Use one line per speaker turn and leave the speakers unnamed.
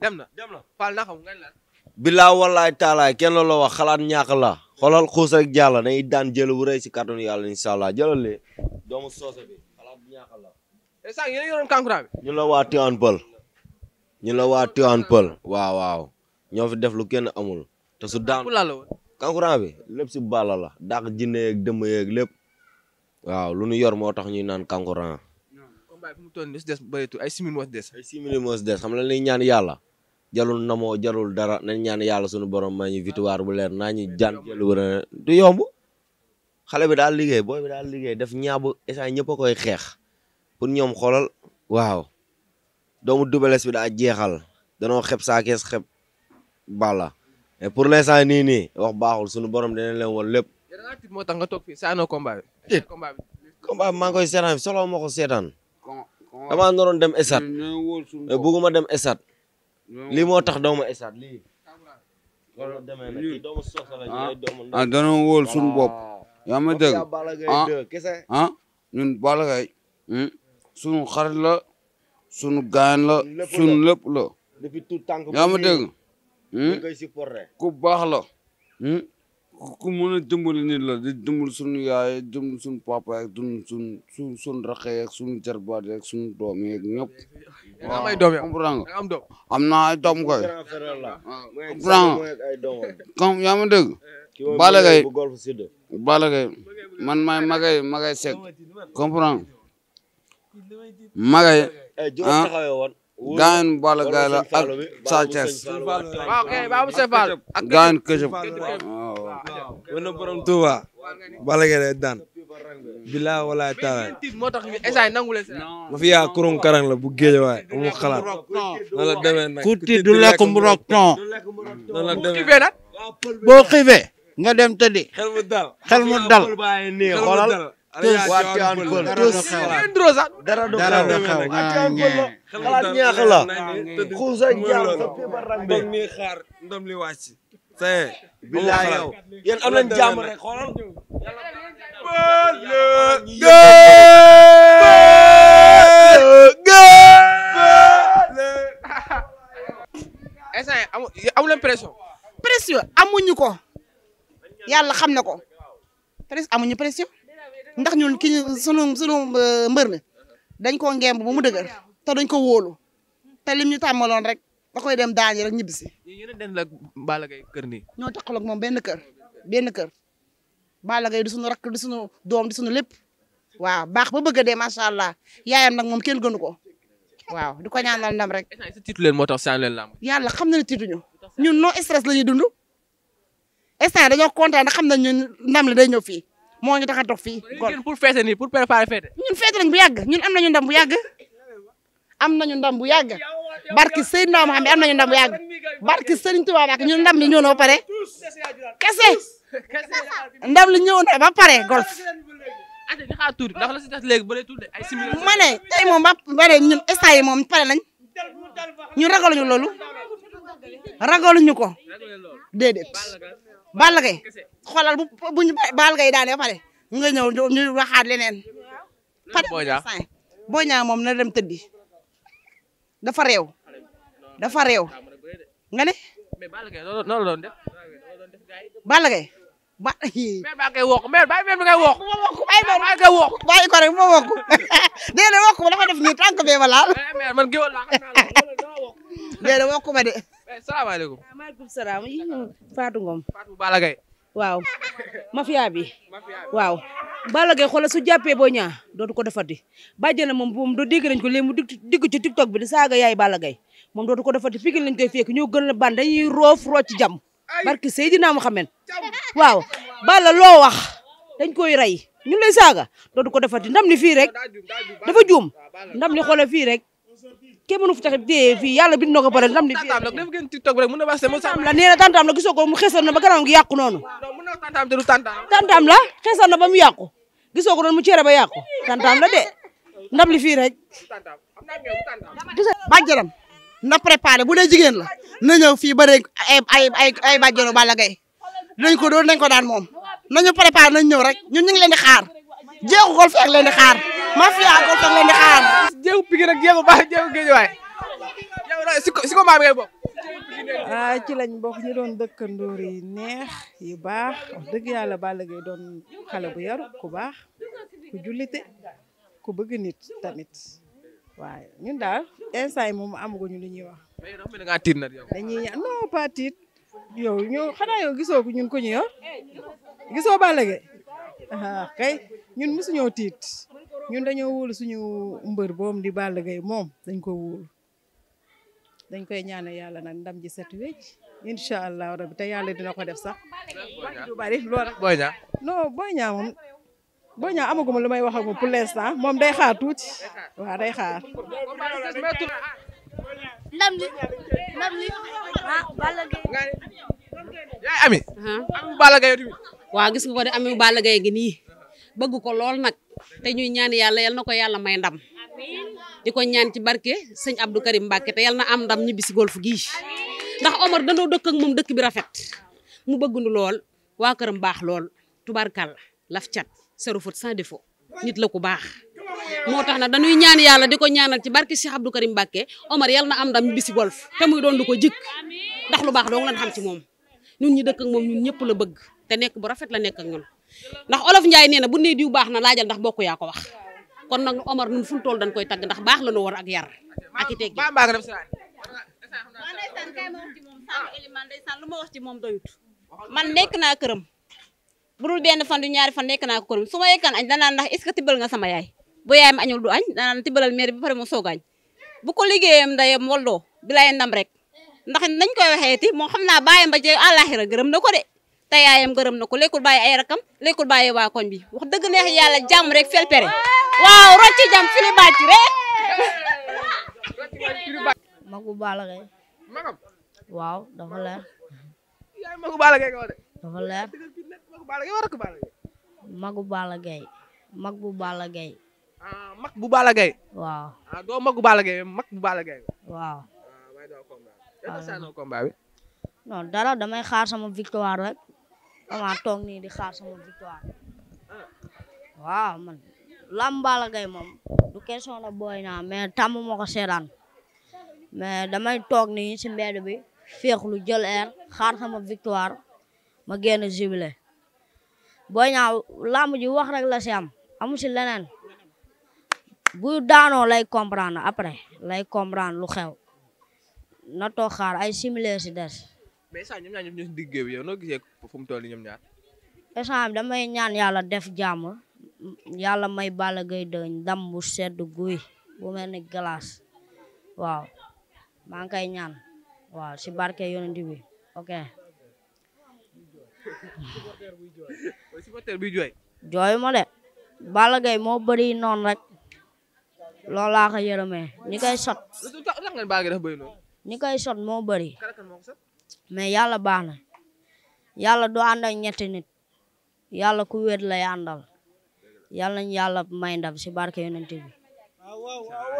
dem na dem na Fall na xam kenn la wax xalaat ñàkk la xoolal xuus rek jàll nañu daan jël bu rëy si kàttanu yàlla incha allah jëlal li doomu soose bi xalaat ñàkk la. et eh, ça yéen a yoroon kankura bi. ñu la waa Tivaouane ñoo fi def lu kenn amul te su daan bi lépp si la dàq jinne yeeg lu ñu yor moo tax ñuy naan kankura combat bi mu toll nii des bëreetul ay simili moo des. dara nañ ñaan yàlla sunu borom ma ñu victoire bu leer naa ñu jaan jël wala du yomb xale bi daal liggéey booy daal liggéey def ñaabu instant ñëpp a koy xeex pour ñoom xoolal waaw doomu dubales bi daa jeexal danoo xeb saa kees xeb bala mais pour l'instant nii nii wax baaxul sunu borom dinañ leen woon tax nga toog fii maa ngi koy seetaan solo damaa naroon dem esat mais bëgguma dem esat lii moo tax doomu ma esat lii ah, ah danoo wóol suñu bopp yaa ma dégg ah. ah ñun Balla Gaye hmm? suñu xarit la suñu gaañ la suñu lépp la yaa ma dégg hmm? ku baax la hmm? ku mën a dimbali nit la di dimbali suñu yaay dimbali suñu papa ak dimbali suñu suñ suñ raxe ak suñu jarbaat doom yeeg ñëpp. waaw am na ay doom koy. Ah, comprendre nga comme yaa ma dégg. Eh. Balla Gaye man maay magay magay sek comprendre magay
gaan Balla Gaye la ak Sa Thiès.
ok Babou Seye Fall. ak gaan Këjëf. waaw waaw. borom Touba. Balla Gaye lay daan. bilaa walaay taala. moo la bu géej waaye amul xalaat. na la demee nag ku ti du dal dara du xew xalaat ñaax la xuusa jaam sa feebar rang toog nii xaar ndam li wàcc saye bilaa yow yéen am nañ jàmm rek xoolal
instant yi amu leen pression pression amuñu ko yàlla xam na ko pression amuñu pression ndax ñun ki sunu sunu euh, mbër mi dañ koo ngemb bu mu dëgër te dañ ko woolu te lim ñu tàmmaloon rek da koy dem daañi rek ñibbi si.
yéen a den ak Balla Gaye kër nii.
ñoo taxal ak moom benn kër benn kër Balla Gaye di sunu rakk di sunu doom di sunu lépp waaw baax ba bëgg a macha allah yaayam nag moom kenn gënu ko waaw di ko ñaan ñaanal ndam rek. est-ce
leen moo tax sànni leen
làmb. yàlla xam na ne tiitu ñu ñun non stress la ñuy dund instant dañoo kontaan xam nañ ñun ndam la day ñëw fii. moo ñu tax a toog fii. kon pour feete nii pour préparer feete. ñun feete nañ bu yàgg ñun am nañu ndam bu yàgg am nañu ndam bu yàgg barki Seydina Mohamed am nañu ndam bu yàgg barki Serigne Touba ak ñun ndam li ñëw na ba pare kese ndam li ñëw na ba pare golf. ate di xaar tuuti ndax la si tax léegi ba lay tuuti ay simili. ma ne tey moom ba pare ñun instant yi moom pare nañ ñun ragaluñu loolu ragaluñu ko déedéet. Balla Gaye xoolal bu bu ñu baal ngay daane ba pare nga ñëw ñu waxaat leneen. Boña Boña moom na dem tëddi dafa réew. dafa réew nga ne. mais Balla Gaye loolu loolu def. Balla Gaye. ba mais baa ma wokk bàyyi mel bi ma wokk déedéet wokk ma dafa def nii ma laal. mais man géwal laa xam naa de. Eh, salaamaaleykum. maaleykum salaam. Fatou Ngom. waaw mafia bi waaw Balla Gaye xoolal su jàppee boo ñaa dootu ko defati bàjjana moom moom doo dégg nañ ko léegi mu digg ci tiktok bi di saaga yaay Balla Gaye moom dootu ko defati Pikine lañ koy fekk ñoo gën a ban dañuy roof rocc jam barki Seydina Muhammad waaw Balla loo wax dañ koy rey ñu lay saaga dootu ko defati ndam li fii rek dafa juum ndam li xoolal fii rek kenn mënu fi tax dee fii yàlla bind na ko pare ndam ni dee def ngeen tiktok rek mën na basse mo sam la nee na tantaam la gisoo ko mu ba kanam gi la xeesoon na ba mu yàqu gisoo ko noonu mu cere ba yàqu tantaam la de ndam li fii rek na préparé bu dee jigéen la na fii ba rek ay ay ay ay bàjjanu Balla Gaye dinañ ko doon nañ ko daan moom nañu préparé nañ ñëw rek ñun ñu ngi leen di xaar jeexu xool feek leen mafia golf ak leen di xaar. jéego Pikine ak jéego baax jéego Guédiawaye si ko si ko maa ngay bokk. Ah, ci lañ bokk ñu doon dëkkandoor yi neex yu baax wax dëgg yàlla Balla Gaye doon xale bu yaru ku baax ku jullite ku bëgg nit tamit waaye ñun daal instant yi moom amaguñu lu ñuy wax. mais da ngaa tiit nag yow. dañuy ñaan non pas tiit yow ñoo xanaa gisoo ko ñun ko ñu yor gisoo Balla ah, tiit. ñun dañoo wóolu suñu mbër boom di Balla moom dañ ko wóolu dañ koy ñaane yàlla nag ndam ji set wecc allah rabi te yàlla dina ko def sax. du bari lool Boy Niang lu may wax ak moom moom day xaar tuuti waa day xaar. ndam li ndam li ah gis nga ko Ami Balla gi nii bëgg ko lool nag. te ñuy ñaan yàlla yal na ko yàlla may ndam di ko ñaan ci barke sëñ Abdou Karim Mbacke te yal na am ndam ñibbisi si golf gi ndax Omar danoo dëkk ak moom dëkk bi rafet mu bëgg nu lool waa këram baax lool tubarkalla laf cat seru fot sans défaut nit la ku baax. moo tax na dañuy ñaan yàlla di ko ñaanal ci barke Cheikh Abdou Karim Mbacke Omar yal am dam ñibbi si golf te muy doon lu ko jik ndax lu baax dong lañ xam si moom ñun ñi dëkk ak moom ñun ñëpp la bëgg te nekk bu rafet la nekk ak ndax olof Njaay nee na bu ne baax na laajal ndax bokk yaa ko wax kon nag Omar nun fu mu dañ koy tagg ndax baax la nu war ak yar ak i tekki waaw ndeysaan kay ma wax ci moom sànq ci moom doyut man nekk naa këram bu dul benn fan du ñaari fan nekk naa ko këram su ma yekkaan añ danaan ndax est ce que tibbal nga sama yaay bu yaay ma añul du añ danaan tibbalal mère bi pare mu soog bu ko liggéeyam ndeyam walloo bi lay ndam rek ndax nañ koy ti moo xam naa bàyyam ba ci àllaaxira gërëm na ko de te yaayam gërëm na ko lekkul bàyyi ay rakam lekkul bàyyi waa koñ bi wax dëgg neex yàlla jàmm rek felpere waaw rocci jàmm fili rek.
magu Balla Gaye waaw dafa leer. magu Balla Gaye dafa leer. magu Balla Gaye mag bu Balla ah, mag bu Balla waaw. Ah, doo mag bu Balla waaw. Ah, non dara damay xaar sama damaa toog nii di xaar sama victoire waaw man lam Balla Gaye moom du question na booy naa mais tàmm ma ko damay toog nii si mbedd bi féexlu jël air xaar sama victoire ma génn jubilé booy lamb ji wax rek la si am amu si leneen bu daanoo lay comprendre après lay comprendre lu xew na toog xaar ay simile si des
mais instant ñoom ñaar ñoom ñoo si digg bi noo gisee fu mu toll nii ñoom
damay ñaan yàlla def jàmm yàlla may Balla Gaye de ndam bu sedd guy bu mel ni glace waaw maa ngi koy ñaan waaw si barke yonent bi ok. jooyu ma de. Balla moo bëri noonu rek. loolu laa ko yërëmee ñi sot.
lan nga dafa bëri noonu.
ñi koy sot moo bëri. mais yàlla baax na yàlla doo ànd ak ñetti nit yàlla ku wéet lay àndal yàlla nañ yàlla may ndam si barke bi
ah,